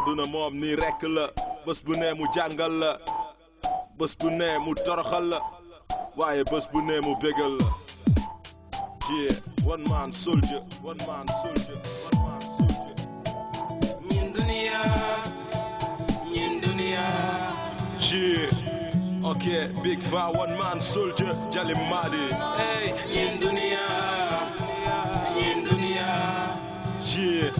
àdduna moom nii rekk la bés bu nee mu jàngal la bés bu nee mu toroxal la waaye bés bu nee mu bégal la yeah one man soldier one man soldier one man soldier ñun duniya ñun duniya yeah ok big fa one man soldier Jalim Madi hey ñun duniya ñun duniya yeah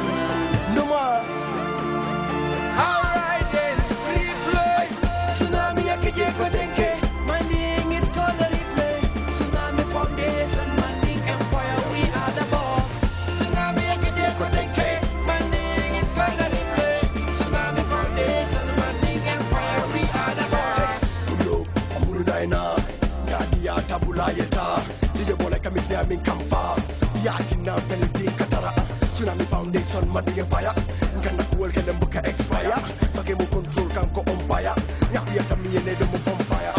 tsunami come far Yatina veldi katara Tsunami foundation madi empire Ngana kuwal kena buka expire Bagi mo control kan ko umpire Ngapi ata miyene demo vampire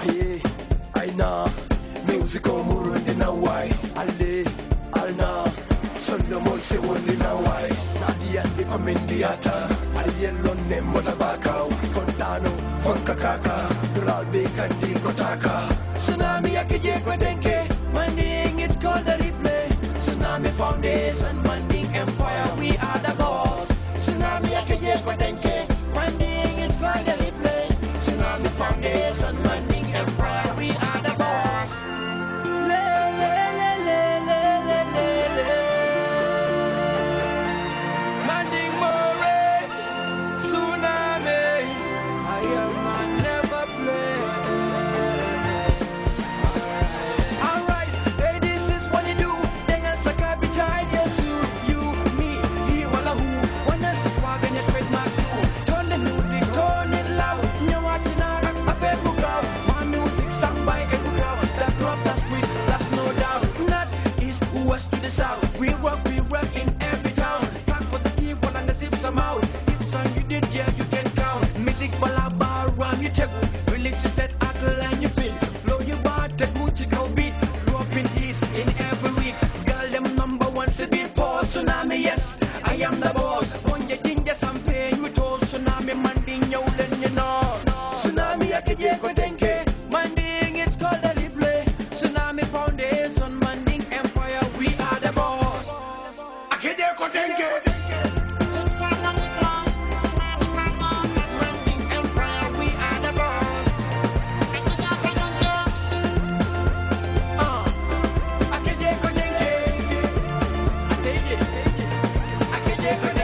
Aye, aye na Musico murundi na wai Ale, alna Sondo mo se wondi na wai Nadia di komendiata Ariello ne motabakau Kontano, funkakaka Dural bekan di kotaka Tsunami akije kwa denke call the replay. Tsunami Foundation. tsunami, yes, I am the boss. On your dinda champagne, we told tsunami, manding yolen, you know. Tsunami, I can get denke, manding, it's called a replay. Tsunami Foundation, manding empire, we are the boss. I can get denke. I can not get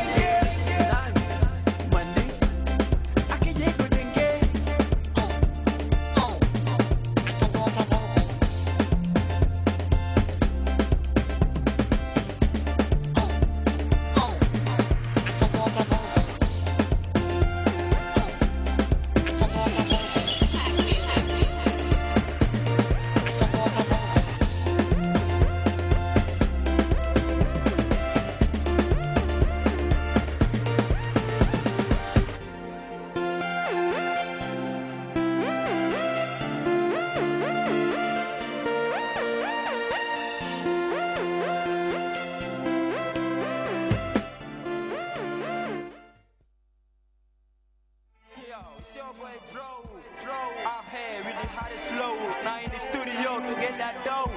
boy Dro, Dro. I'm here with the hottest flow. Now in the studio to get that dough.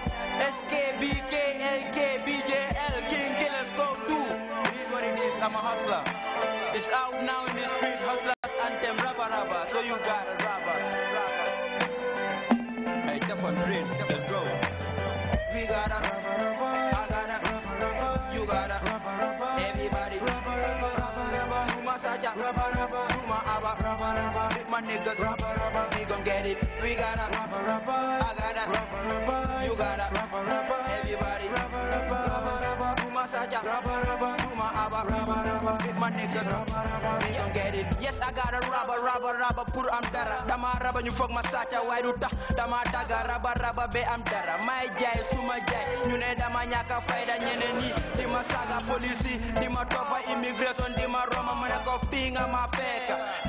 SKBK, LK, King Killers go through. It is what it is, I'm a hustler. It's out now in the street, hustlers anthem, rabba rabba. So you got a rabba. Hey, tough on brain, let's go. We got a rabba rabba. I got a rabba rabba. You got a my niggas. Rapper, rapper, we gon' get it. We got a rapper, rapper. I got a rapper, rapper. You got a rapper, rapper. Everybody, rapper, rapper, rapper, rapper. Puma saja, rapper, rapper. Puma aba, rapper, rapper. With my niggas, rapper, rapper. We gon' get it. Yes, I got a rapper, rapper, rapper. Pur am dara. Dama rapper, you fuck my sacha. Why do ta? Dama daga, rapper, rapper. Be am dara. My jai, suma jai. You ne dama nyaka faida nyene ni. Dima saga police. dima topa immigration, dima roma manako finga mafeka.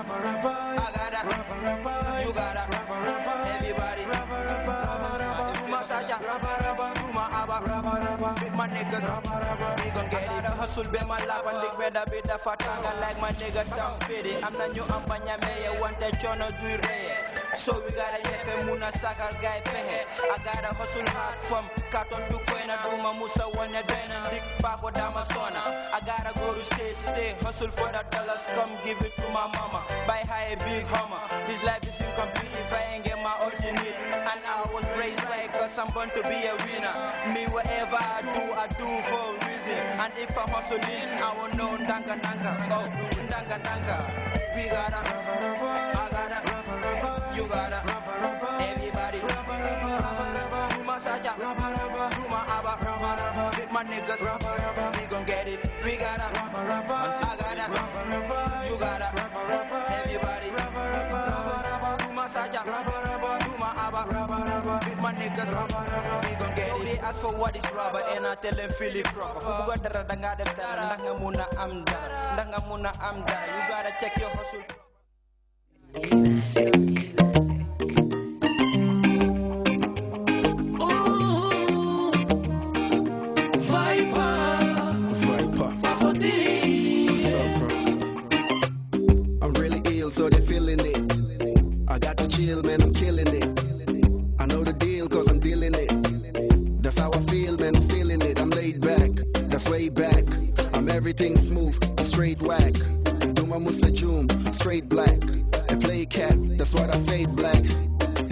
my niggas. We gon' get it. I hustle be my lap and lick better be the fatanga like my nigga Tom Fitty. I'm the new Ampanya Mayor, want that John O'Dwyer. So we gotta get a muna sakal guy pehe. I gotta hustle hard from Katon to Quena, Duma Musa, one Adena, Dick Paco Damasona. I gotta go to state, stay, hustle for the dollars, come give it to my mama. Buy high a big hummer. This life is incomplete. I'm born to be a winner. Me, whatever I do, I do for a reason. And if I'm also I will know Ndanga Ndanga. Oh, Ndanga nanga. We gotta, I gotta, you gotta, everybody. Ruma Saja, Ruma Abba, with my niggas, we gon' get it. We gotta, niggas we gon' get it. They ask for what is rubber and I tell them feel it proper. Ku bëgg dara da nga def dara ndax nga mun a am dara ndax mun a am dara Sway way back. I'm everything smooth, straight whack. Do my Musa Joom, straight black. I play cat, that's what I say, black.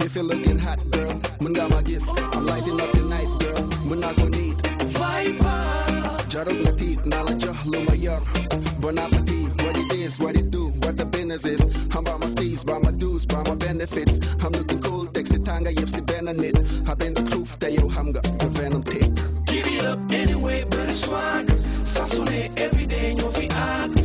If you're looking hot, girl, Mungama gis. I'm lighting up the night, girl. Munago need Viper. Jarug Natit, Nala Jahlu Mayor. Bon appetit, what it is, what it do, what the business is. I'm by my skis, by my dues, by my benefits. swag saa su ne everyday ñoo fi àgg